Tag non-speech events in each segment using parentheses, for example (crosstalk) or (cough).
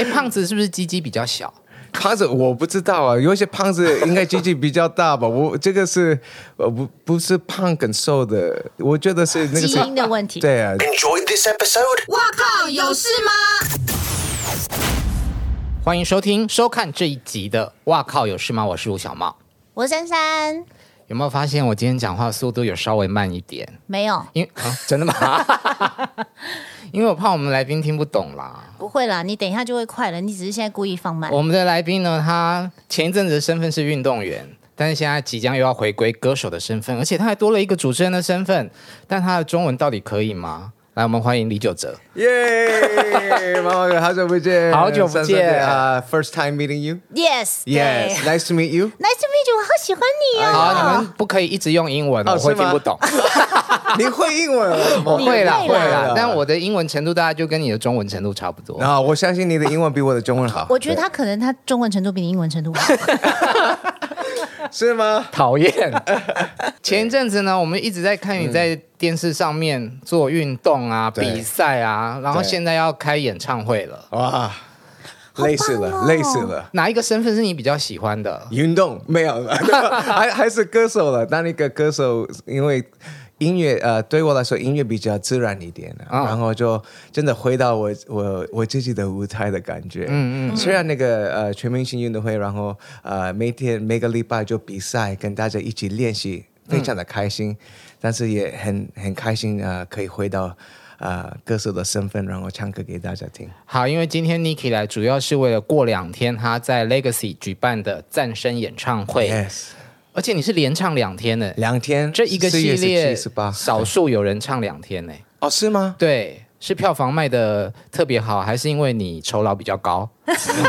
哎，胖子是不是雞雞比較小？胖子我不知道啊，有一些胖子應該雞雞比較大吧？ (laughs) 我這個是呃不、不是胖跟瘦的，我覺得是那個是基因的問題，啊。對啊。Enjoy this episode。哇靠，有事嗎？歡迎收聽、收看這一集的《哇靠有事嗎》。我是吳小帽，我是珊珊。有沒有發現我今天講話速度有稍微慢一點？沒有，因為、啊、真的嗎？ (laughs) (laughs) 因為我怕我們來賓聽不懂啦。不會啦，你等一下就會快了。你只是現在故意放慢。我們的來賓呢？他前一陣子的身份是運動員，但是現在即將又要回歸歌手的身份，而且他還多了一個主持人的身份。但他的中文到底可以嗎？來，我們歡迎李玖哲。耶、yeah, (laughs) 媽媽好久不見，好久不見啊！First time meeting you. Yes. Yes. Nice to meet you. Nice to meet you，我好喜歡你哦。好，啊、你們不可以一直用英文、哦啊，我會聽不懂。 (laughs) 你會英文、哦？ (laughs) 我會啦會了。會啦 (laughs) 但我的英文程度，大概就跟你的中文程度差不多。Oh, 我相信你的英文比我的中文好。 (laughs) 我覺得他可能他中文程度比你英文程度好。 (laughs) (laughs) 是嗎？討厭。 (laughs) 前一陣子呢，我們一直在看你在電視上面做運動啊，嗯、比賽啊，然後現在要開演唱會了，哇，累死、哦、了，累死了。哪一個身份是你比較喜歡的？運動沒有，還 (laughs) (laughs) 還是歌手了。當一個歌手，因為音樂，呃，對我來說音樂比較自然一點，哦、然後就真的回到我我我自己的舞台的感覺。嗯嗯。雖然那個呃全明星運動會，然後呃每天每個禮拜就比賽，跟大家一起練習。非常的開心，但是也很很開心啊、呃，可以回到啊、呃、歌手的身份，然後唱歌給大家聽。好，因為今天 Niki 來主要是為了過兩天他在 Legacy 舉辦的戰聲演唱會，Yes. 而且你是連唱兩天的，兩天，4月7、8，這一個系列，少數有人唱兩天呢？哦，是嗎？對。是票房賣的特別好，還是因為你酬勞比較高？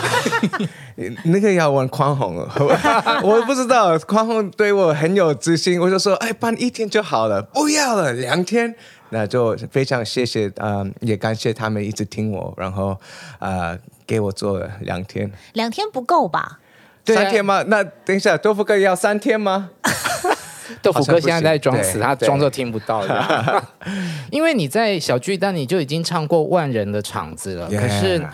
(laughs) (laughs) 那個要問寬宏 (laughs) 我不知道。寬宏對我很有自信，我就說：哎，辦一天就好了，不要了，兩天。那就非常謝謝、呃、也感謝他們一直聽我，然後啊、呃，給我做了兩天。兩天不夠吧對？三天嗎？那等一下，多福哥要三天嗎？ (laughs) 豆腐哥現在在裝死，他裝作聽不到的。 (laughs) (laughs) 因為你在小巨蛋，你就已經唱過萬人的場子了。 (laughs) 可是，yeah.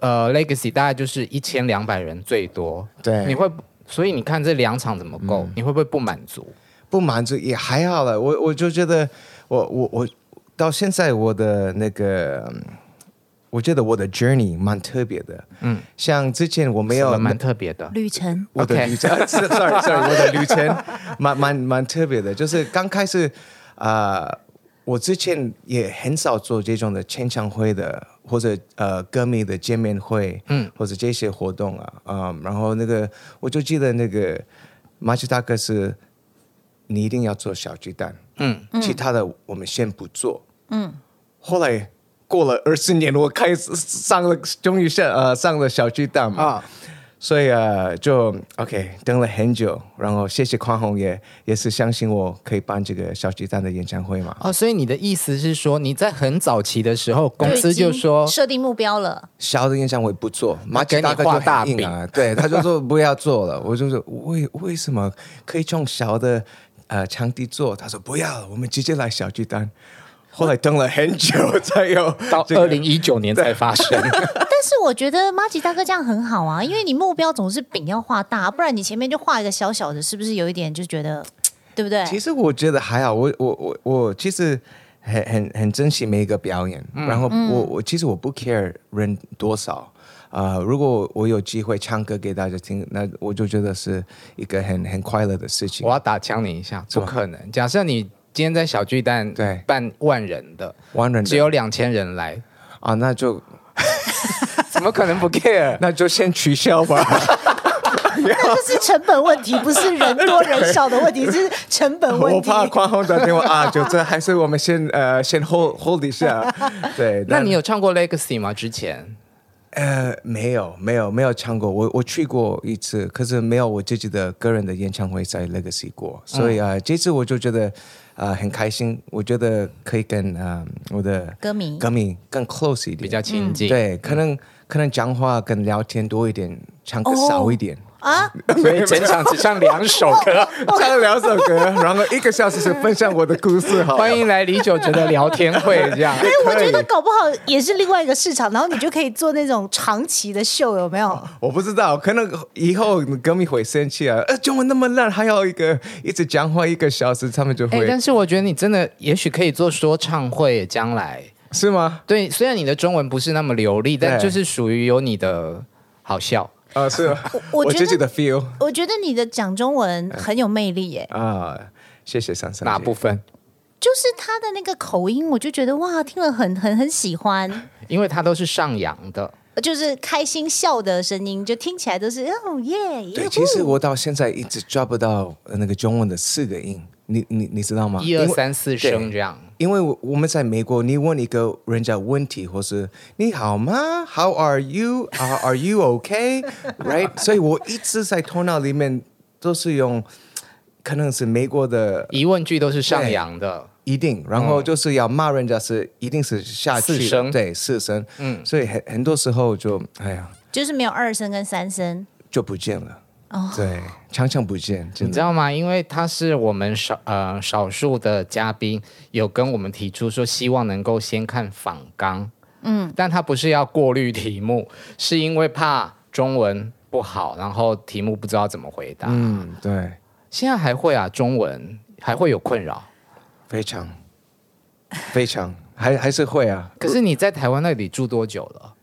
呃，Legacy 大概就是一千兩百人最多。對，你會，所以你看這兩場怎麼夠，嗯？你會不會不滿足？不滿足也還好了。我我就覺得，我我我到現在我的那個。我覺得我的 journey 蠻特別的，嗯，像之前我沒有，蠻特別的，的，旅 (laughs) 的旅程，我的旅程，sorry sorry，我的旅程蠻蠻蠻特別的，就是剛開始啊、呃，我之前也很少做這種的簽唱會的或者呃歌迷的見面會，嗯，或者這些活動啊，嗯，然後那個我就記得那個馬奇大哥是，你一定要做小雞蛋，嗯，其他的我們先不做，嗯，後來。過了二十年，我開始上了，終於上呃上了小巨蛋嘛，啊，所以啊，呃，就 OK 等了很久，然後謝謝匡宏也也是相信我可以辦這個小巨蛋的演唱會嘛。哦，所以你的意思是說你在很早期的時候公司就說設定目標了，小的演唱會不做，馬吉大哥就畫大餅啊，對，他就說不要做了， (laughs) 我就說為為什麼可以從小的呃場地做，他說不要，我們直接來小巨蛋。後來等了很久，才有到二零一九年才發生 (laughs) 。對笑 (laughs) 但是我覺得馬吉大哥這樣很好啊，因為你目標總是餅，要畫大，不然你前面就畫一個小小的，是不是有一點就覺得對不對？其實我覺得還好，我我我我其實很很很珍惜每一個表演。嗯、然後我我其實我不 care 人多少啊、嗯呃，如果我有機會唱歌給大家聽，那我就覺得是一個很很快樂的事情。我要打槍你一下，不可能。假設你。今天在小巨蛋辦萬人的，萬人的只有兩千人來啊、哦，那就 (laughs) 怎麼可能不 care？ (laughs) 那就先取消吧。 (laughs) (laughs) (laughs) (laughs) 那就是成本問題，不是人多人少的問題， (laughs) 是成本問題。我怕狂轟的電話啊，就這還是我們先呃先 hold hold 一下。對， (laughs) 那你有唱過 Legacy 嗎？之前呃沒有沒有沒有唱過，我我去過一次，可是沒有我自己的個人的演唱會在 Legacy 過，所以啊、嗯、這次我就覺得。啊、呃，很開心，我覺得可以跟啊、呃、我的歌迷歌迷更 close 一點，比較親近。嗯、對，可能可能講話跟聊天多一點，唱歌少一點。哦啊！所以整場只唱兩首歌，唱、 (laughs) okay、兩首歌，然後一個小時是分享我的故事好，歡迎來李玖哲的聊天會，這樣 (laughs) 以。我覺得搞不好也是另外一個市場，然後你就可以做那種長期的秀，有沒有？我不知道，可能以後歌迷會生氣啊！呃，中文那麼爛，還有一個一直講話一個小時，他們就會。但是我覺得你真的，也許可以做說唱會，將來是嗎？對，雖然你的中文不是那麼流利，但就是屬於有你的好笑。Uh, 啊，是。我我覺得我自己的 feel，我覺得你的講中文很有魅力耶。啊、uh,，謝謝珊珊。哪部分？就是他的那個口音，我就覺得哇，聽了很很很喜歡。因為他都是上揚的，就是開心笑的聲音，就聽起來都是哦耶耶。Oh, yeah, yeah, 對，其實我到現在一直抓不到那個中文的四個音，你你你知道嗎？一二三四聲這樣。因為我我們在美國，你問一個人家問題，或是你好嗎？How are you？Are you, are you okay？Right？ (laughs) 所以我一直在頭腦裡面都是用，可能是美國的疑問句都是上揚的，一定，然後就是要罵人家是一定是下去四聲，對四聲，嗯，所以很很多時候就哎呀，就是沒有二聲跟三聲就不見了。對，常常不見，真的。你知道嗎？因為他是我們少呃少數的嘉賓，有跟我們提出說希望能夠先看訪綱。嗯。但他不是要過濾題目，是因為怕中文不好，然後題目不知道怎麼回答。嗯，對。現在還會啊，中文還會有困擾，非常非常，還還是會啊。可是你在台灣那裡住多久了？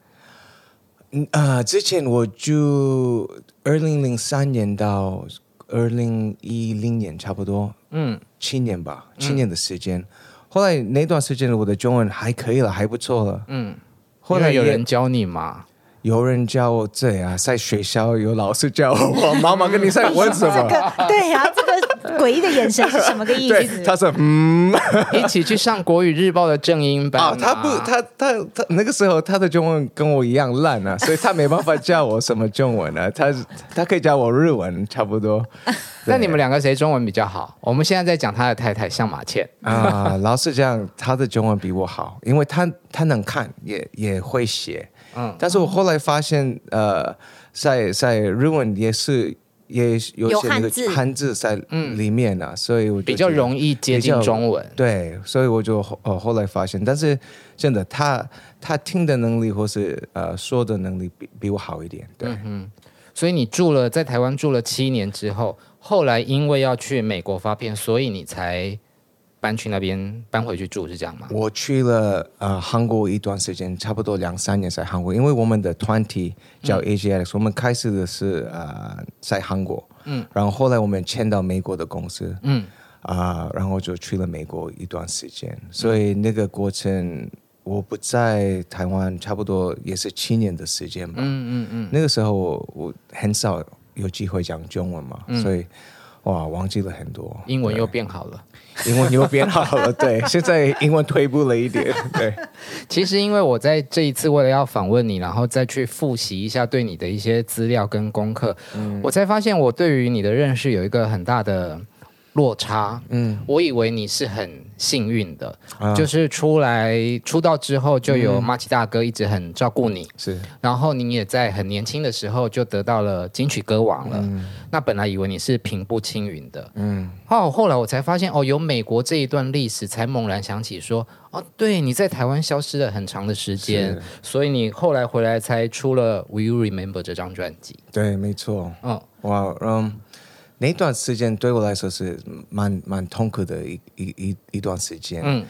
嗯、呃、啊，之前我就二零零三年到二零一零年差不多，嗯，七年吧，七年的時間。嗯。後來那段時間我的中文還可以了，還不錯了。嗯，後來有人教你嗎？有人教我這啊，在學校有老師教我。媽媽跟你在玩什麼？嗯嗯 (noise) (noise) (noise) 對呀，這個詭異的眼神是什麼個意思？他說嗯， (laughs) (noise) 一起去上國語日報的正音班啊。啊，他不，他他他，他那個時候他的中文跟我一樣爛啊，所以他沒辦法教我什麼中文啊，他他可以教我日文差不多雷。那你們兩個誰中文比較好？我們現在在講他的太太向馬倩啊，老實講，他的中文比我好，因為他他能看也也會寫。嗯，但是我後來發現，嗯、呃，在在日文也是也有寫那個漢字在裡面啊，嗯、所以我就比、較比較容易接近中文。對，所以我就呃後來發現，但是真的他他聽的能力或是呃說的能力比比我好一點。對，嗯、所以你住了在台灣住了七年之後，後來因為要去美國發片，所以你才。搬去那邊，搬回去住是這樣嗎？我去了呃韓國一段時間，差不多兩三年在韓國，因為我們的團體叫 AJAX、嗯、我們開始的是呃在韓國，嗯，然後後來我們遷到美國的公司，嗯啊、呃，然後就去了美國一段時間，所以那個過程我不在台灣，差不多也是七年的時間吧，嗯嗯嗯，那個時候我我很少有機會講中文嘛，嗯、所以。哇，忘記了很多。英文又變好了， (laughs) 英文又變好了。對，現在英文退步了一點。對， (laughs) 其實因為我在這一次為了要訪問你，然後再去複習一下對你的一些資料跟功課，嗯、我才發現我對於你的認識有一個很大的。落差，嗯，我以為你是很幸運的，啊、就是出來出道之後就有麻吉大哥一直很照顧你、嗯，是，然後你也在很年輕的時候就得到了金曲歌王了，嗯、那本來以為你是平步青雲的，嗯，哦，後來我才發現，哦，有美國這一段歷史，才猛然想起說，哦，對，你在台灣消失了很長的時間，所以你後來回來才出了《We、Will You Remember》這張專輯，對，沒錯，嗯、哦，哇，嗯。那段時間對我來說是蠻蠻痛苦的一一一一段時間。嗯，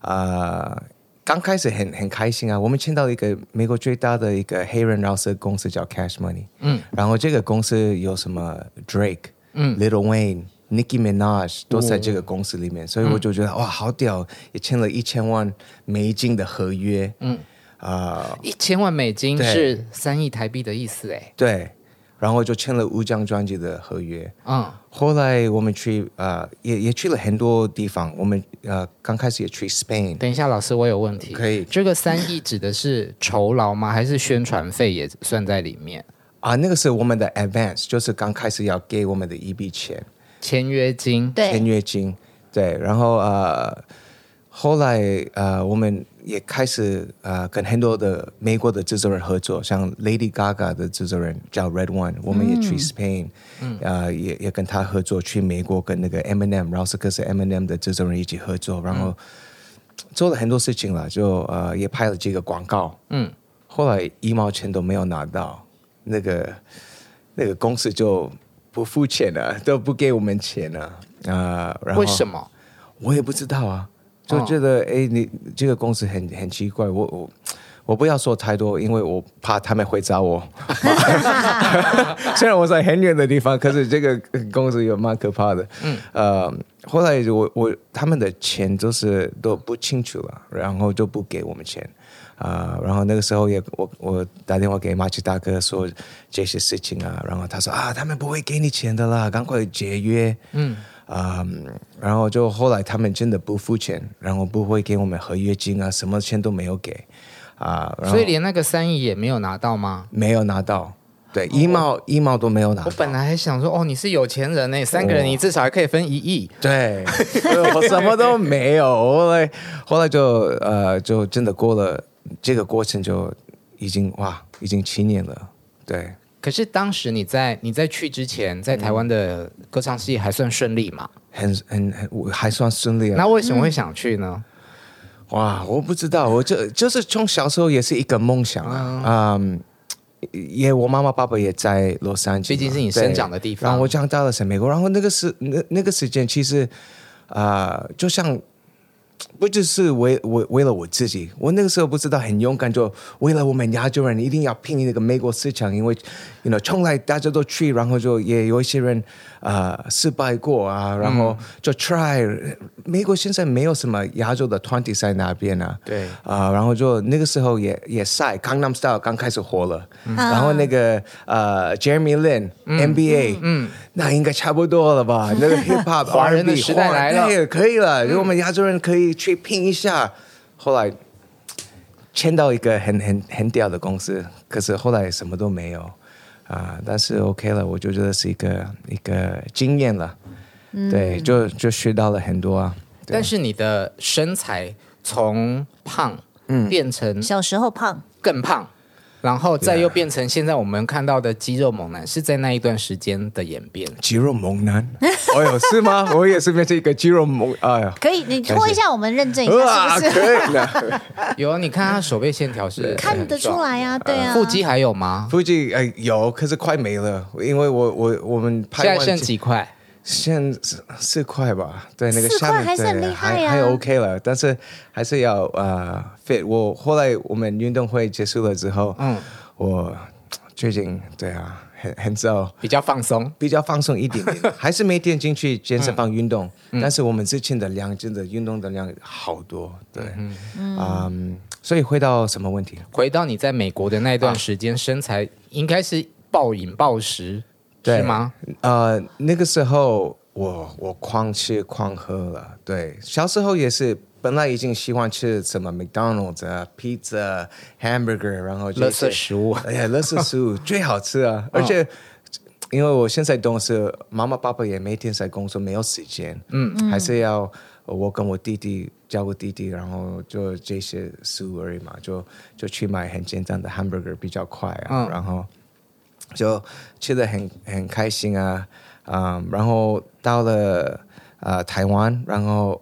啊、uh，剛開始很很開心啊，我們簽到一個美國最大的一個黑人饒舌公司叫 Cash Money。嗯，然後這個公司有什麼 Drake 嗯、嗯，Little Wayne、Nicki Minaj 都在這個公司裡面，嗯、所以我就覺得哇，好屌！也簽了一千萬美金的合約。嗯，啊、uh，一千萬美金是三億台幣的意思哎。對。然後就簽了五張專輯的合約。嗯，後來我們去呃，也也去了很多地方。我們呃，剛開始也去 Spain。等一下，老師，我有問題。可以。這個三億指的是酬勞嗎？還是宣傳費也算在裡面？啊，呃，那個是我們的 advance，就是剛開始要給我們的一筆錢，簽約金。對。簽約金。對，然後呃。後來，呃，我們也開始，呃，跟很多的美國的製作人合作，像 Lady Gaga 的製作人叫 Red One、嗯、我們也去 Spain，啊、嗯呃，也也跟他合作，去美國跟那個 M and M，勞斯格斯 M and M 的製作人一起合作，然後、嗯、做了很多事情了，就呃，也拍了幾個廣告，嗯，後來一毛錢都沒有拿到，那個那個公司就不付錢了，都不給我們錢了，啊、呃，然後為什麼？我也不知道啊。就覺得哎、oh.，你這個公司很很奇怪，我我我不要說太多，因為我怕他們會找我。 (laughs) (laughs) 雖然我在很遠的地方，可是這個公司有蠻可怕的。嗯，呃，後來我我他們的錢就是都不清楚了、啊，然後就不給我們錢啊、呃。然後那個時候也我我打電話給麻吉大哥說這些事情啊，然後他說啊，他們不會給你錢的啦，趕快解約。嗯。啊、um,，然後就後來他們真的不付錢，然後不會給我們合約金啊，什麼錢都沒有給啊、uh,，所以連那個三億也沒有拿到嗎？沒有拿到，對，一毛一毛都沒有拿到我。我本來還想說，哦，你是有錢人呢，三個人你至少還可以分一億。哦、對, (laughs) 對，我什麼都沒有。後來後來就呃，就真的過了這個過程，就已經哇，已經七年了，對。可是當時你在你在去之前，在台灣的歌唱事業還算順利嗎？很很很，還算順利、啊。那為什麼會想去呢、嗯？哇，我不知道，我就就是從小時候也是一個夢想啊。嗯，因為、嗯、我媽媽爸爸也在洛杉磯，畢竟是你生長的地方。然後我長大了在美國，然後那個時那那個時間其實啊、呃，就像。不只是為我為、為了我自己。我那個時候不知道很勇敢，就為了我們亞洲人一定要拼那個美國市場，因為，you know，從來大家都去，然後就也有一些人、呃、失敗過啊，然後就 try、嗯。美國現在沒有什麼亞洲的團體在那邊啊，對啊、呃，然後就那個時候也也賽 Gangnam Style 剛開始火了、嗯，然後那個呃 Jeremy Lin 嗯 NBA，嗯、嗯、嗯，那應該差不多了吧？那個 Hip Hop 華 (laughs) 人的時代來了，可以了，嗯、如果我們亞洲人可以。去拼一下，後來，簽到一個很很很屌的公司，可是後來什麼都沒有，啊、呃，但是 OK 了，我就覺得是一個一個經驗了，嗯、對，就就學到了很多啊。但是你的身材從胖，嗯，變成小時候胖，更胖。然後再又變成現在我們看到的肌肉猛男，是在那一段時間的演變？肌肉猛男，哎呦，是嗎？我也是變成一個肌肉猛，哎呀，可以，你拖一下，我們認證一下是不是？可以的？ (laughs) 有，你看他手背線條是，是看得出來啊，對啊，腹肌還有嗎？腹肌哎有，可是快沒了，因為我我我們拍現在剩幾塊？現在四塊吧，對，那個下面的還是、啊、還，還 OK 了，但是還是要呃 fit 我。我後來我們運動會結束了之後，嗯，我最近對啊很很早比較放鬆，比較放鬆一點點， (laughs) 還是每天進去健身房運動，嗯、但是我們之前的量真的運動的量好多，對，嗯嗯，嗯，所以回到什麼問題？回到你在美國的那段時間，啊、身材應該是暴飲暴食。對是嗎？呃，那個時候我我狂吃狂喝了。對，小時候也是，本來已經喜歡吃什麼麥當勞啊、披薩、漢堡包，然後就垃圾食物。哎呀，垃圾食物最好吃啊！而且，嗯、因為我現在懂事媽媽爸爸也每天在工作，沒有時間。嗯，還是要我跟我弟弟叫我弟弟，然後做這些食物而已嘛，就就去買很簡單的 hamburger 比較快啊，嗯、然後。就吃得很很開心啊，嗯，然後到了，呃，台灣，然後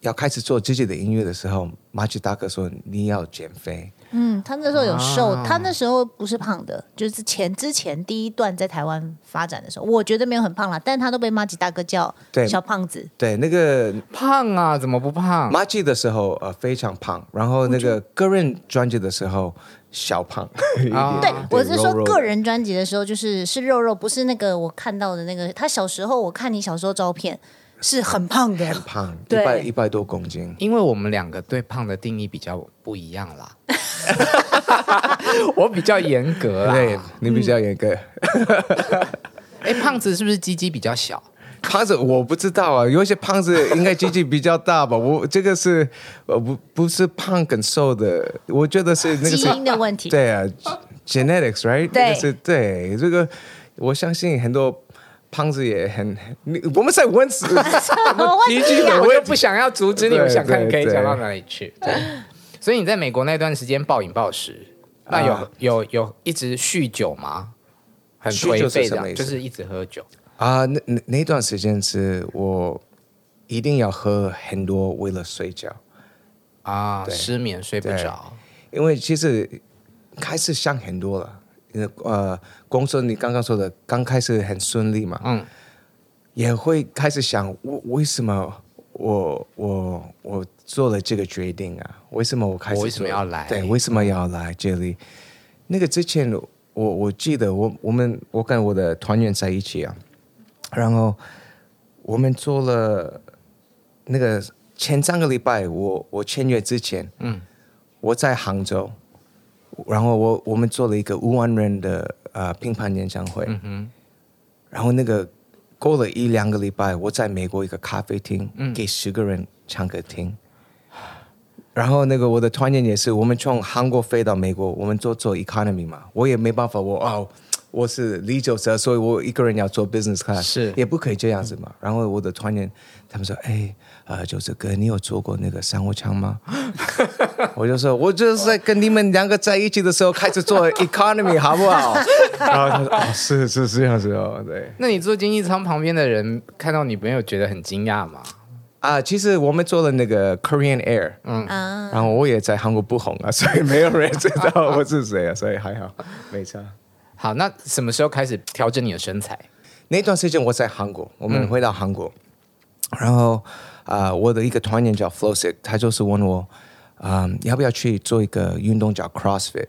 要開始做自己的音樂的時候，麻吉大哥說你要減肥。嗯，他那時候有瘦，他那時候不是胖的，就是前之前第一段在台灣發展的時候，我覺得沒有很胖了，但他都被麻吉大哥叫小胖子。對，對，那個胖啊，怎麼不胖？麻吉的時候呃非常胖，然後那個個人專輯的時候。小胖、啊對對對，對，我是說個人專輯的時候，就是是肉肉，不是那個我看到的那個。他小時候，我看你小時候照片，是很胖的，很胖，對。一百，一百多公斤。因為我們兩個對胖的定義比較不一樣啦。 (laughs) (laughs) 我比較嚴格、啊，對，你比較嚴格。哎、 (laughs) 嗯欸，胖子是不是雞雞比較小？胖子我不知道啊，有一些胖子應該 G 比較大吧？ (laughs) 我這個是呃不不是胖跟瘦的，我覺得是那個是基因的問題。對啊、哦 G、genetics right？對，那個、是對這個，我相信很多胖子也很，我們在溫字， (laughs) 問 (laughs) 我也不想要阻止你們，想看你可以講到哪裡去對對對對對。所以你在美國那段時間暴飲暴食，啊、那有有有一直酗酒嗎？很頹廢的酒，就是一直喝酒。啊、uh，那那那段時間是我一定要喝很多，為了睡覺啊，失眠睡不着。因為其實開始想很多了，呃，公司你剛剛說的，剛開始很順利嘛，嗯，也會開始想，為為什麼我我我做了這個決定啊？為什麼我開始我為什麼要來？對、嗯，為什麼要來這裡？那個之前我，我我記得我我們我跟我的團員在一起啊。然後我們做了那個前三個禮拜，我我簽約之前，嗯，我在杭州，然後我我們做了一個五萬人的呃拼盤演唱會，嗯，然後那個過了一兩個禮拜，我在美國一個咖啡廳給十個人唱歌聽，嗯，然後那個我的團員也是，我們從韓國飛到美國，我們坐坐 economy 嘛，我也沒辦法，我啊。哦我是李玖哲，所以我一個人要做 business class，是也不可以這樣子嘛。然後我的團員他們說：“哎，呃，玖哲哥，你有坐過那個商務艙嗎？” (laughs) 我就說：“我就是在跟你們兩個在一起的時候開始坐 economy， (laughs) 好不好？” (laughs) 然後他說：“哦，是是是這樣子哦，對。”那你坐經濟艙旁邊的人看到你沒有覺得很驚訝嗎、嗯？啊，其實我們坐的那個 Korean Air，嗯，然後我也在韓國不紅啊，所以沒有人知道我是誰，啊。 (laughs) 所以還好，沒錯。好，那什麼時候開始調整你的身材？那段時間我在韓國，我們回到韓國，嗯、然後啊、呃，我的一個團員叫 Flosic，他就是問我啊、呃，要不要去做一個運動叫 CrossFit？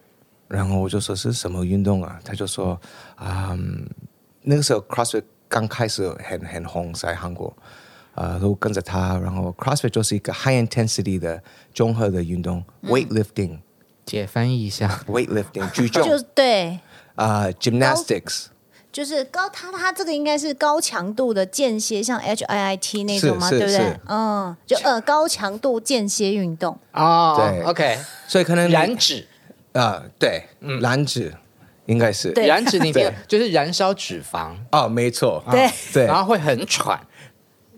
然後我就說是什麼運動啊？他就說啊、嗯呃，那個時候 CrossFit 剛開始很很紅在韓國啊，都、呃、跟着他。然後 CrossFit 就是一個 high intensity 的綜合的運動、嗯、，weightlifting，姐翻譯一下 (laughs) ，weightlifting 舉重，就對。啊、uh,，gymnastics 就是高，它它這個應該是高強度的間歇，像 HIIT 那種嘛，對不對？嗯，就呃高強度間歇運動哦，對、oh,，OK，所以可能燃脂啊，對，嗯，燃脂應該是對，燃脂，你就是燃燒脂肪哦，oh, 沒錯，oh, oh, 對對，然後會很喘。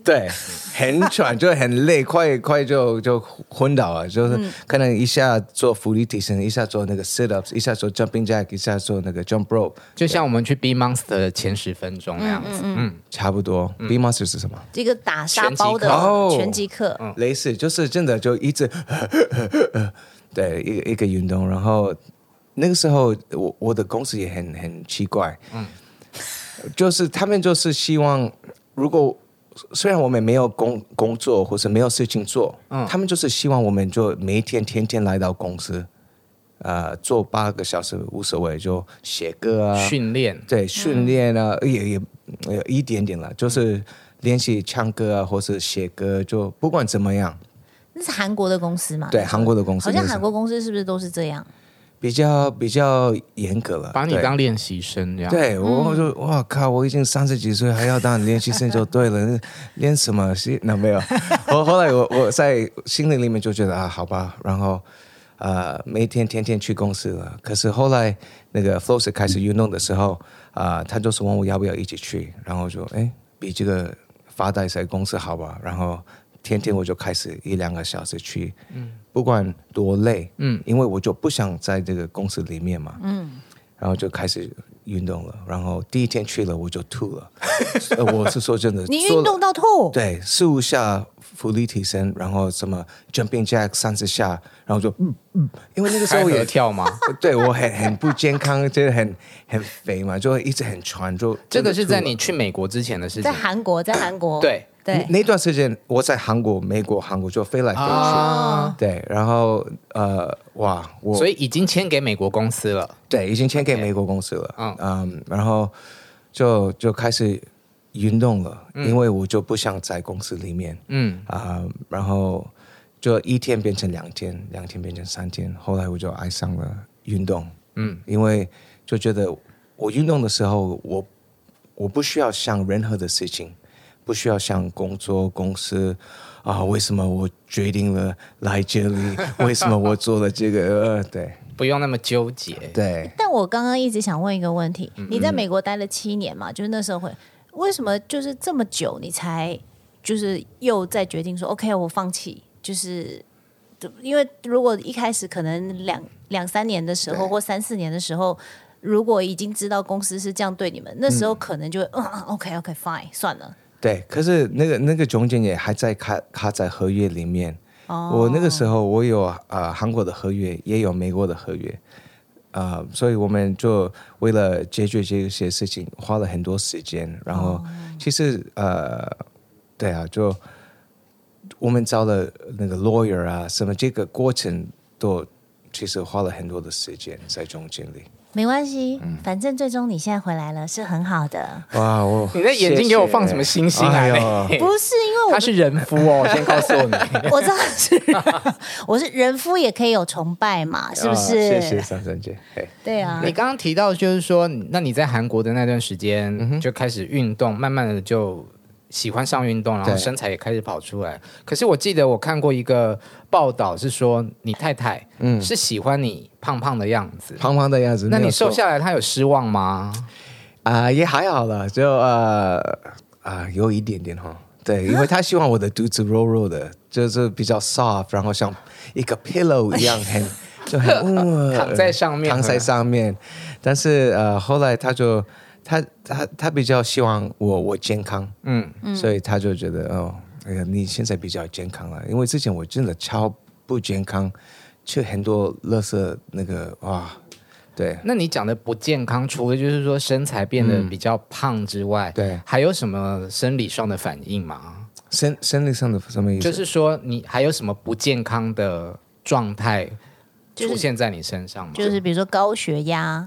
(laughs) 對，很喘，就很累，快快就就昏倒了，就是可能一下做俯臥撐，一下做那個 sit ups，一下做 jumping jack，一下做那個 jump rope，就像我們去 B Monster 的前十分鐘那樣子，嗯,嗯,嗯差不多。嗯、B Monster 是什麼？一個打沙包的拳擊課,、oh, 拳擊課嗯，類似，就是真的就一直呵呵呵呵呵，對，一個一個運動。然後那個時候，我我的公司也很很奇怪，嗯，就是他們就是希望如果。雖然我們沒有工工作，或是沒有事情做，嗯，他們就是希望我們就每一天天天來到公司，呃，做八個小時無所謂，就寫歌啊，訓練，對，訓練啊，也、嗯、也，有一點點了，就是練習唱歌啊，或是寫歌，就不管怎麼樣。那是韓國的公司嘛？對，就是、韓國的公司，好像韓國公司是，是不是都是這樣？比較比較嚴格了，把你當練習生這樣。對，嗯、我就我靠，我已經三十幾歲，還要當練習生就對了， (laughs) 練什麼？那、啊、沒有。後 (laughs) 後來我我在心裡裡面就覺得啊，好吧，然後啊、呃，每天天天去公司了。可是後來那個 f l o w c e 開始運動的時候啊、呃，他就說問我要不要一起去，然後就哎，比這個發呆在公司好吧，然後。天天我就開始一兩個小時去，嗯、不管多累、嗯，因為我就不想在這個公司裡面嘛、嗯，然後就開始運動了。然後第一天去了我就吐了， (laughs) 我是說真的。你運動到吐？對，四五下伏地挺身，然後什麼 jumping jack 三十下，然後就嗯嗯，因為那個時候有跳嗎？對我很很不健康，就是很很肥嘛，就一直很喘，就這個是在你去美國之前的事情，在韓國，在韓國 (coughs) 對。對，那段時間我在韓國、美國，韓國就飛來飛去、啊，對，然後呃，哇，我所以已經簽給美國公司了，對，已經簽給美國公司了，嗯、Okay. 嗯，然後就就開始運動了、嗯，因為我就不想在公司裡面，嗯啊、嗯，然後就一天變成兩天，兩天變成三天，後來我就愛上了運動，嗯，因為就覺得我運動的時候，我我不需要想任何的事情。不需要像工作公司啊？為什麼我決定了來這裡？為什麼我做了這個？ (laughs) 呃，對，不用那麼糾結。對，但我剛剛一直想問一個問題：嗯嗯你在美國待了七年嘛？就是那時候會為什麼就是這麼久你才就是又再決定說 OK，我放棄？就是因為如果一開始可能兩兩三年的時候或三四年的時候，如果已經知道公司是這樣對你們，那時候可能就、嗯嗯、OK，OK，Fine、okay, okay, 算了。對，可是那個那個中間也還在卡卡在合約裡面。Oh. 我那個時候我有啊、呃、韓國的合約，也有美國的合約，啊、呃，所以我們就為了解決這些事情，花了很多時間。然後，其實、Oh. 呃，對啊，就我們找了那個 lawyer 啊，什麼這個過程都其實花了很多的時間在中間裡。沒關係，反正最終你現在回來了是很好的。哇，我你的眼睛給我放什麼星星啊？謝謝。哎，欸、不是因為我他是人夫哦， (laughs) 我我 (laughs) 先告訴你。我知道的是， (laughs) 我是人夫也可以有崇拜嘛，是不是？哦、謝謝珊珊姐。對啊，你剛剛提到就是說，那你在韓國的那段時間就開始運動、嗯，慢慢的就。喜歡上運動，然後身材也開始跑出來。可是我記得我看過一個報道，是說你太太嗯是喜歡你胖胖的樣子、嗯，胖胖的樣子。那你瘦下來，有她有失望嗎？啊、呃，也還好了，就呃啊、呃、有一點點哈。對，因為她希望我的肚子肉肉的、啊，就是比較 soft，然後像一個 pillow 一樣很 (laughs) 就很、嗯、 (laughs) 躺在上面，躺在上面。但是呃後來他就。他他他比較希望我我健康，嗯，所以他就覺得哦，哎呀，你現在比較健康了，啊，因為之前我真的超不健康，就很多垃圾那個哇，對。那你講的不健康，除了就是說身材變得比較胖之外，嗯、對，還有什麼生理上的反應嗎？生、生理上的什麼意思？就是說你還有什麼不健康的狀態出現在你身上嗎？就是、就是、比如說高血壓。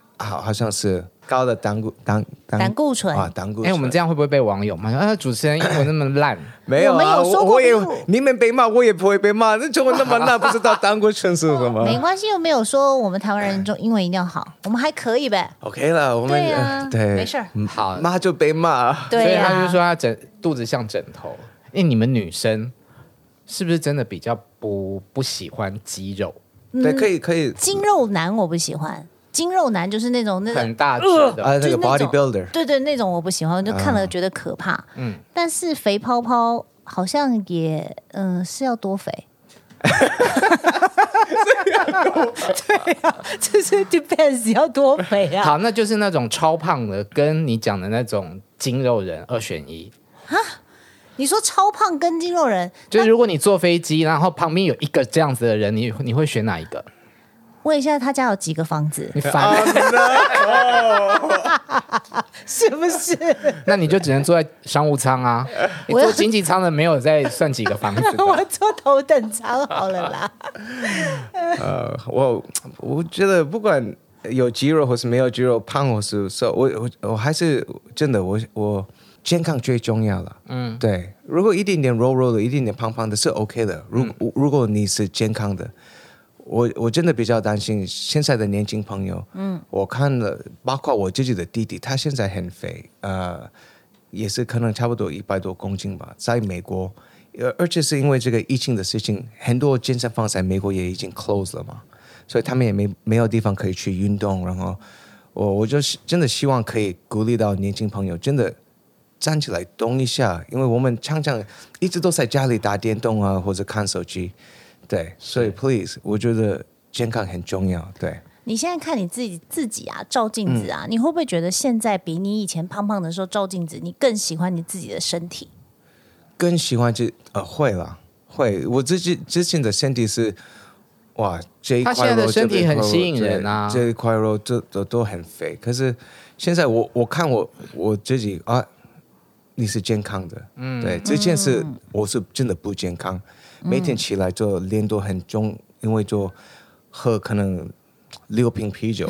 好，好像是高的膽固膽膽固醇啊，膽固哎，我們這樣會不會被網友罵？啊，主持人英文那麼爛， (coughs) 沒有、啊， (coughs) 我們有說過，你們被罵，我也不會被罵。那中文那麼爛， (coughs) 不知道膽固醇是什麼？哦、沒關係，又沒有說我們台灣人就英文一定要好，嗯，我們還可以唄。OK 了，我們對、啊呃、對，沒事。嗯，好，罵就被罵。對、啊，所以他就說他枕肚子像枕頭。哎，你們女生是不是真的比較不不喜歡肌肉、嗯？對，可以，可以。筋肉男，我不喜歡。筋肉男就是那種那個、很大隻的、呃那那個，bodybuilder 對對，那種我不喜歡，就看了覺得可怕。嗯，但是肥泡泡好像也，嗯，是要多肥？ (laughs) (laughs) 跟 (laughs) 對呀、啊，就是 depends 要多肥啊。好，那就是那種超胖的，跟你講的那種筋肉人，二選一啊？你說超胖跟筋肉人，就是如果你坐飛機，啊、然後旁邊有一個這樣子的人，你你會選哪一個？問一下他家有幾個房子？你煩死，欸 uh, no, no. (laughs) (laughs) 是不是？ (laughs) 那你就只能坐在商務艙啊！我 (laughs) 坐經濟艙的沒有再算幾個房子， (laughs) 我坐頭等艙好了啦、 (laughs) uh,。呃，我我覺得不管有肌肉或是沒有肌肉，胖或是瘦，so,，我我我還是真的，我我健康最重要了。嗯，對。如果一點點肉肉的，一點點胖胖的，是 OK 的。如果、嗯、如果你是健康的。我我真的比較擔心現在的年輕朋友，嗯，我看了，包括我自己的弟弟，他現在很肥，呃，也是可能差不多一百多公斤吧。在美國，而而且是因為這個疫情的事情，很多健身房在美國也已經 close 了嘛，所以他們也沒沒有地方可以去運動。然後我，我我就真的希望可以鼓勵到年輕朋友，真的站起來動一下，因為我們常常一直都在家裡打電動啊，或者看手機。對，所以 please，嗯、我覺得健康很重要。對，你現在看你自己，自己啊，照鏡子啊，嗯、你會不會覺得現在比你以前胖胖的時候照鏡子，你更喜歡你自己的身體？更喜歡就呃會了，會。我自己之前的身體是哇，這一塊肉，他現在的身體很吸引人啊，這一塊肉都都都很肥。可是現在我我看我我自己啊，你是健康的，嗯，對，之前是、嗯、我是真的不健康。每天起來就臉都很腫、嗯，因為就喝可能六瓶啤酒，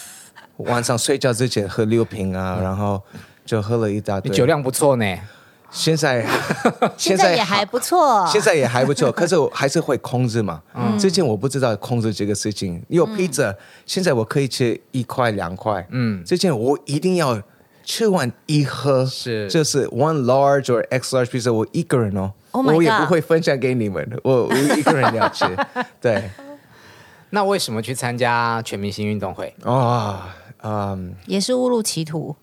(laughs) 晚上睡覺之前喝六瓶啊，嗯、然後就喝了一大堆。你酒量不錯呢，現在現在也還不錯，現在，現在也還不錯， (laughs) 可是我還是會控制嘛。之、嗯、前我不知道控制這個事情，因為披薩，嗯、現在我可以吃一塊兩塊，嗯，之前我一定要吃完一盒，是就是 one large or x large pizza，我一個人哦。Oh、我也不會分享給你們，我我一個人要吃。 (laughs) 對，那為什麼去參加全明星運動會啊？嗯、oh, um,，也是誤入歧途。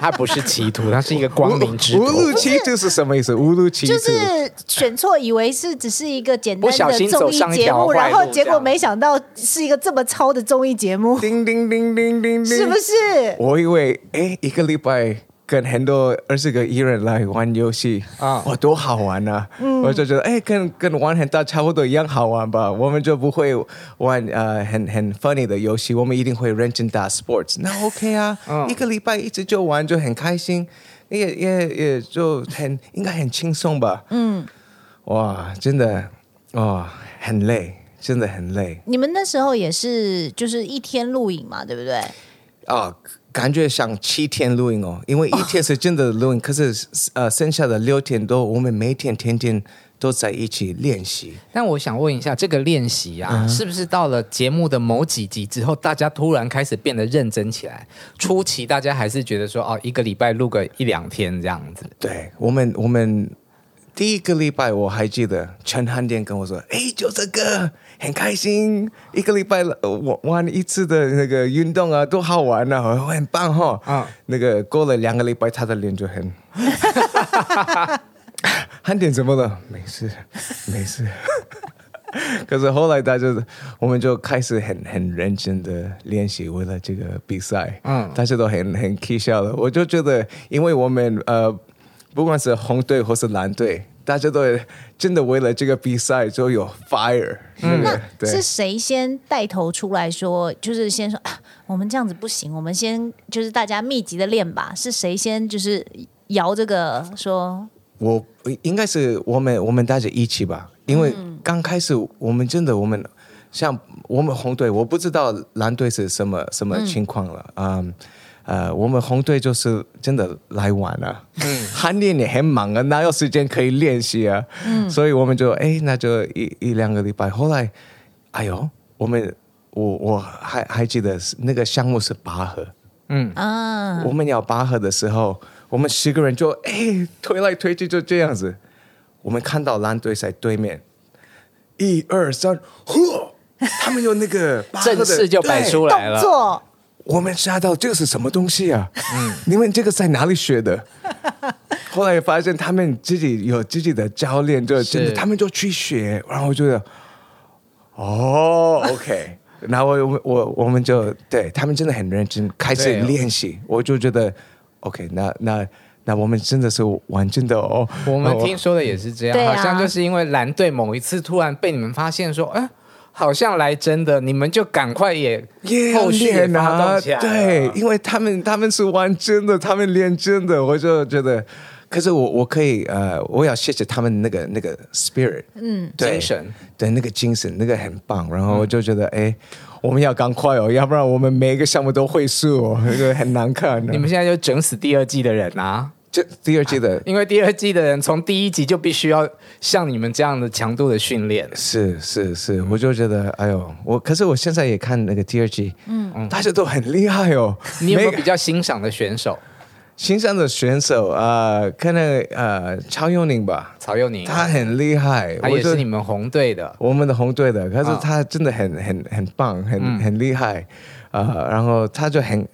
它 (laughs) 不是歧途，它 (laughs) 是一個光明之途。誤入歧途是什麼意思？誤入歧途是就是選錯，以為是只是一個簡單的綜藝節目，然後結果沒想到是一個這麼糙的綜藝節目。叮叮叮，叮叮叮叮叮，是不是？我以為哎，一個禮拜。跟很多二十個藝人來玩遊戲啊，哇、哦哦，多好玩啊！嗯、我就覺得，哎，跟跟玩很大差不多一樣好玩吧。嗯、我們就不會玩呃很很 funny 的遊戲，我們一定會認真打 sports。那 OK 啊、嗯，一個禮拜一直就玩就很開心，也也也就很應該很輕鬆吧。嗯，哇，真的哇、哦，很累，真的很累。你們那時候也是就是一天錄影嘛，對不對？啊、哦。感覺像七天錄音哦，因為一天是真的錄音，哦、可是呃，剩下的六天都我們每天天天都在一起練習。那我想問一下，這個練習啊、嗯，是不是到了節目的某幾集之後，大家突然開始變得認真起來？初期大家還是覺得說，哦，一個禮拜錄個一兩天這樣子。對，我們我們第一個禮拜我還記得陳漢典跟我說，哎，就這個。很開心，一個禮拜我玩一次的那個運動啊，多好玩啊，很棒哈！啊、uh.，那個過了兩個禮拜，他的臉就很， (laughs) 喊 (laughs) (laughs) 點什麼的，沒事，沒事。 (laughs) 可是後來大家，我們就開始很很認真的練習，為了這個比賽，嗯，大家都很很氣笑了。我就覺得，因為我們呃，不管是紅隊或是藍隊。大家都真的為了這個比賽，就有 fire 嗯。嗯，那是誰先帶頭出來說，就是先說、啊、我們這樣子不行，我們先就是大家密集的練吧。是誰先就是搖這個說？我應該是我們我們大家一起吧，因為剛開始我們真的我們、嗯、像我們紅隊，我不知道藍隊是什麼什麼情況了嗯。Um, 呃，我們紅隊就是真的來晚了、啊，訓、嗯、練也很忙啊，哪有時間可以練習啊？嗯、所以我們就哎、欸，那就一一兩個禮拜。後來，哎呦，我們我我還還記得那個項目是拔河，嗯啊，我們要拔河的時候，我們十個人就哎、欸、推來推去就這樣子。我們看到藍隊在對面，一二三，呵，他們用那個拔河的 (laughs) 正式就擺出來了。我們嚇到，這個、是什麼東西啊？嗯，你們這個在哪裡學的？ (laughs) 後來發現他們自己有自己的教練，就真的他們就去學，然後我覺得，哦，OK， (laughs) 然後我我我們就對他們真的很認真，開始練習，我，我就覺得 OK，那那那我們真的是玩真的哦。我們聽說的也是這樣、嗯，好像就是因為藍隊某一次突然被你們發現說，哎、啊。好像來真的，你們就趕快也後援、yeah, 啊！對，因為他們他們是玩真的，他們連真的，我就覺得，可是我我可以呃，我要謝謝他們那個那個 spirit，嗯，精神對那個精神，那個很棒。然後我就覺得，哎、嗯，我們要趕快哦，要不然我們每一個項目都會輸、哦，那個很難看、啊。你們現在就整死第二季的人啊！就第二季的，啊，因為第二季的人從第一集就必須要像你們這樣的強度的訓練。是是是，我就覺得，哎呦，我可是我現在也看那個第二季，嗯，大家都很厲害哦。嗯、個你有沒有比較欣賞的選手？欣賞的選手啊，呃，可能，呃，曹佑寧吧，曹佑寧，他很厲害，他也是你們紅隊的。我，我們的紅隊的，嗯，可是他真的很很很棒，很，嗯，很厲害啊，呃，然後他就很。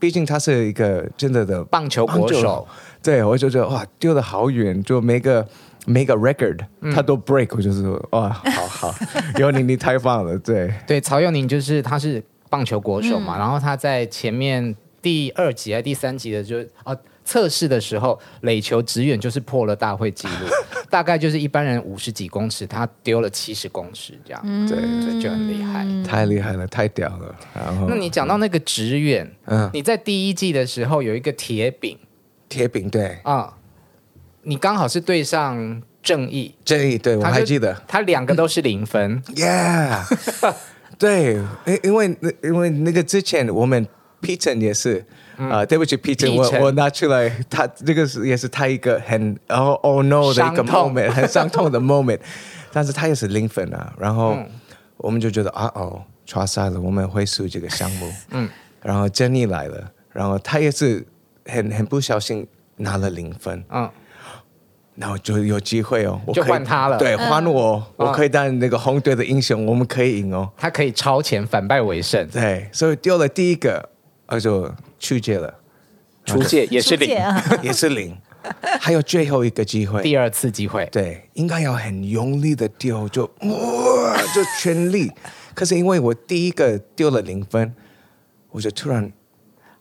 畢竟他是一個真的的棒球國手，對，我就覺得哇，丟得好遠，就每個每個 record、嗯、他都 break，我就是說哇，好好，尤 (laughs) 尼你，你太棒了，對，對，曹佑寧就是他是棒球國手嘛、嗯，然後他在前面第二集還是第三集的就，就、哦、啊。測試的時候，壘球擲遠就是破了大會記錄， (laughs) 大概就是一般人五十幾公尺，他丟了七十公尺這樣，對 (laughs) 就很厲害、嗯，太厲害了，太屌了。然後，那你講到那個擲遠嗯，嗯，嗯，你在第一季的時候有一個鐵餅，鐵餅對，啊、哦，你剛好是對上正義，正義對，對我還記得，他兩個都是零分 (laughs) y Yeah! (laughs) 對，因因為那因為那個之前我們。Peter 也是啊、嗯呃，對不起 Peter 我我拿出來，他這個是也是他一個很，然、oh, 後 Oh no 的一個 moment，傷很傷痛的 moment。 (laughs) 但是，他也是零分啊。然後我們就覺得啊哦，差、uh、死 -oh, 了，我們會輸這個項目。嗯。然後 Jenny 來了，然後他也是很很不小心拿了零分。嗯。然後就有機會哦，我就換他了。對，換我，嗯、我可以當那個紅隊的英雄，我們可以贏哦。他可以超前反敗為勝。對，所以丟了第一個。我、啊、就去界了，出界也是零、啊，也是零，還有最後一個機會，第二次機會，對，應該要很用力的丟，就哇，就全力。 (laughs) 可是因為我第一個丟了零分，我就突然、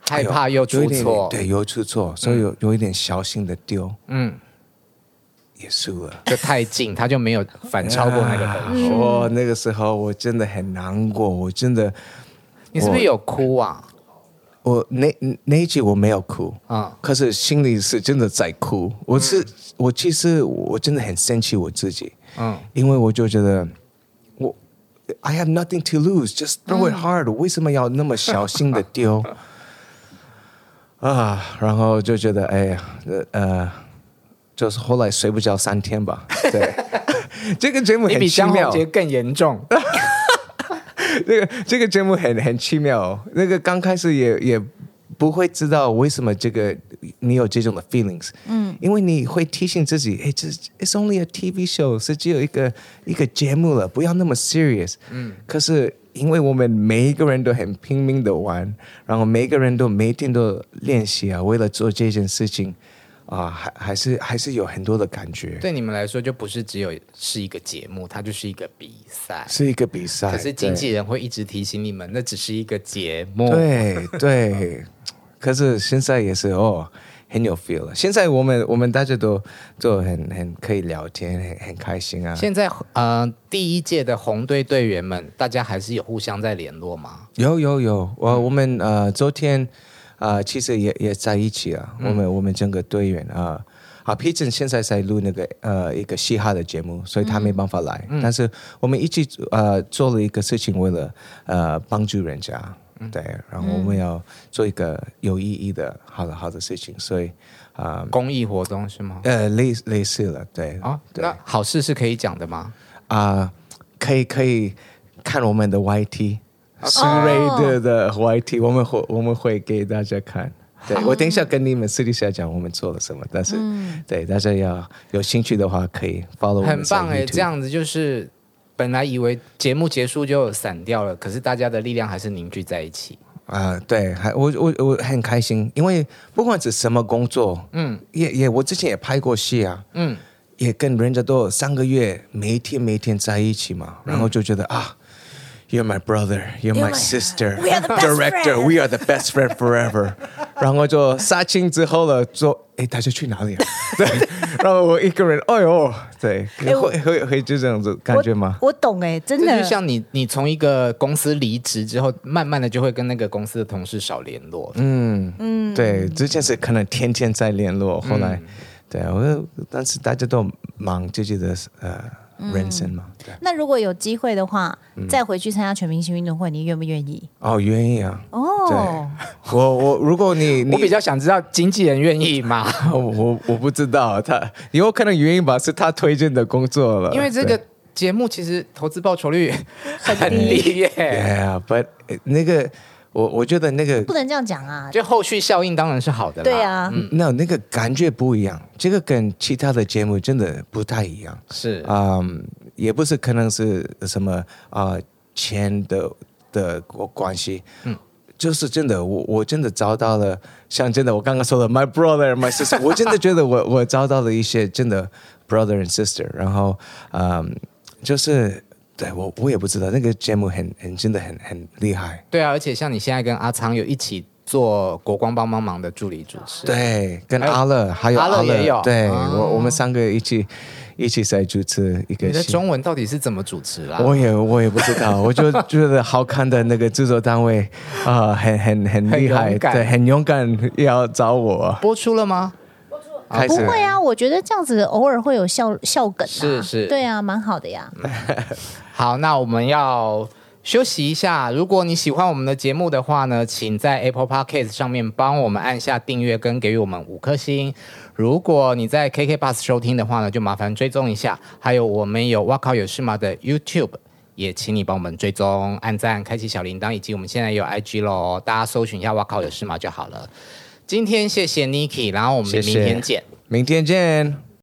哎、害怕又錯出錯，對，又出錯，嗯、所以有有一點小心的丟，嗯，也輸了，就太近，他就沒有反超過那個，我、啊嗯哦、那個時候我真的很難過，我真的，你是不是有哭啊？我那，那一集我沒有哭啊，可是心裡是真的在哭。我是我其實我真的很生氣我自己，嗯，因為我就覺得我 I have nothing to lose, just do it hard、嗯。我為什麼要那麼小心的丟 (laughs) 啊？然後就覺得哎呀，呃，就是後來睡不着三天吧。對， (laughs) (laughs) 這個節目也比張小節更嚴重。 (laughs) (laughs) 這個這個節目很很奇妙哦，那個剛開始也也不會知道為什麼這個你有這種的 feelings，嗯，因為你會提醒自己，哎，這 it's only a TV show，是只有一個一個節目了，不要那麼 serious，嗯，可是因為我們每一個人都很拼命的玩，然後每個人都每天都練習啊，為了做這件事情。啊，還還是還是有很多的感覺。對你們來說，就不是只有是一個節目，它就是一個比賽，是一個比賽。可是經紀人會一直提醒你們，那只是一個節目。對對， (laughs) 可是現在也是哦，很有 feel。現在我們我們大家都都很很可以聊天，很很開心啊。現在嗯、呃，第一屆的紅隊隊員們，大家還是有互相在聯絡嗎？有有有，有嗯、我我們呃，昨天。啊、呃，其實也也在一起啊，嗯、我們我們整個隊員、呃嗯、啊，啊 p e e n 現在在錄那個呃一個嘻哈的節目，所以他沒辦法來。嗯、但是我們一起呃做了一個事情，為了呃幫助人家、嗯，對，然後我們要做一個有意義的好的好的事情，所以啊、呃，公益活動是嗎？呃，類類似了，對。啊對，那好事是可以講的嗎？啊、呃，可以可以看我們的 YT。蘇雷 y 的 YT，我們會我們會給大家看。對，我等一下跟你們私底下講我們做了什麼，hmm. 但是，對，大家要有興趣的話，可以 follow 我們。很棒哎、欸，這樣子就是本來以為節目結束就散掉了，可是大家的力量還是凝聚在一起。啊、呃，對，還我我我很開心，因為不管是什麼工作，嗯，也也我之前也拍過戲啊，嗯，也跟人家都有三個月每一天每一天在一起嘛，然後就覺得、嗯、啊。You're my brother, you're my sister, we are director. We are the best friend forever. (laughs) 然後就殺青之後了，就，哎、欸，大家去哪裡啊？ (laughs) 對，然後我一個人，哎呦，對，欸、會會會就這樣子感覺嗎？我，我懂哎、欸，真的。就是、像你，你從一個公司離職之後，慢慢的就會跟那個公司的同事少聯絡。嗯嗯，對，之前是可能天天在聯絡，後來、嗯、對，我但是大家都忙，就覺得呃。人生、嗯、嘛，那如果有機會的話，嗯、再回去參加全明星運動會，你願不願意？哦，願意啊！哦、oh.，我我，如果你，你 (laughs) 我比較想知道經紀人願意嗎？ (laughs) 我我不知道他，有可能原因吧，是他推薦的工作了。因為這個節目其實投資報酬率很低耶。y、hey, 呀、yeah, but 那個。我我覺得那個不能這樣講啊，就後續效應當然是好的。對啊，那、嗯 no, 那個感覺不一樣，這個跟其他的節目真的不太一樣。是啊、嗯，也不是可能是什麼啊錢、呃、的的關係。嗯，就是真的，我我真的找到了，像真的我剛剛說的，my brother and my sister， (laughs) 我真的覺得我我找到了一些真的 brother and sister，然後嗯，就是。對，我我也不知道那個節目很很真的很很厲害。對啊，而且像你現在跟阿倉有一起做國光幫幫忙，忙的助理主持。對，跟阿樂還有，還有阿，樂阿樂也有。對、嗯、我我們三個一起一起在主持一個。你的中文到底是怎麼主持啦？我也我也不知道， (laughs) 我就覺得好看的那個制作單位啊、呃，很很很厲害很，對，很勇敢要找我。播出了嗎？播、啊、出了，不會啊，我覺得這樣子偶爾會有笑笑梗、啊，是是，對啊，蠻好的呀。 (laughs) 好，那我們要休息一下。如果你喜歡我們的節目的話呢，請在 Apple Podcast 上面幫我們按下訂閱跟給予我們五顆星。如果你在 KKBOX 收聽的話呢，就麻煩追蹤一下。還有，我們有哇靠有事嗎的 YouTube，也請你幫我們追蹤、按讚、開啟小鈴鐺，以及我們現在有 IG 咯，大家搜尋一下哇靠有事嗎就好了。今天謝謝 Niki，然後我們明天見，謝謝，明天見。